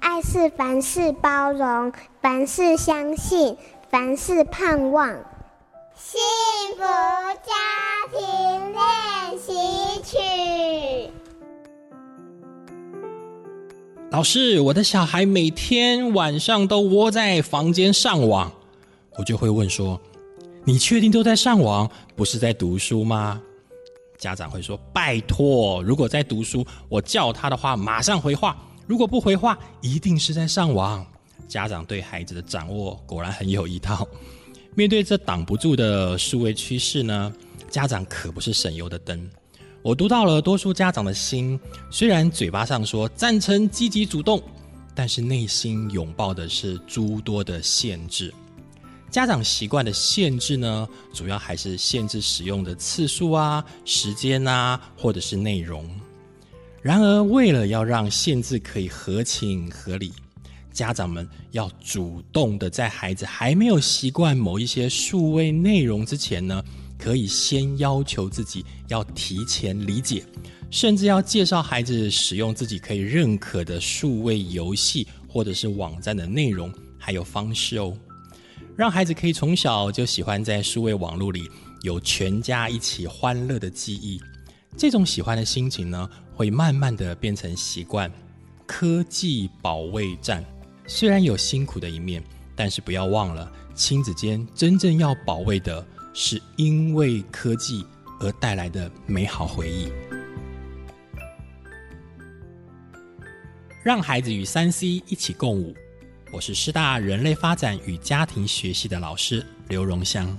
愛是凡事包容，凡事相信，凡事盼望。幸福家庭練習曲。老師，我的小孩每天晚上都窩在房間上網，我就會問說：“你確定都在上網，不是在讀書嗎？”家長會說：“拜託，如果在讀書，我叫他的話，馬上回話。”如果不回話，一定是在上網。家長對孩子的掌握果然很有一套。面對這擋不住的數位趨勢呢，家長可不是省油的燈。我讀到了多數家長的心，雖然嘴巴上說贊成積極主動，但是內心擁抱的是諸多的限制。家長習慣的限制呢，主要還是限制使用的次數啊、時間啊，或者是內容。然而，為了要讓限制可以合情合理，家長們要主動的在孩子還沒有習慣某一些數位內容之前呢，可以先要求自己要提前理解，甚至要介紹孩子使用自己可以認可的數位遊戲或者是網站的內容還有方式哦。讓孩子可以從小就喜歡在數位網絡裡有全家一起歡樂的記憶。這種喜歡的心情呢，會慢慢的變成習慣。科技保衛戰雖然有辛苦的一面，但是不要忘了，親子間真正要保衛的是因為科技而帶來的美好回憶。讓孩子與 3C 一起共舞。我是師大人類發展與家庭學系的老師劉容襄。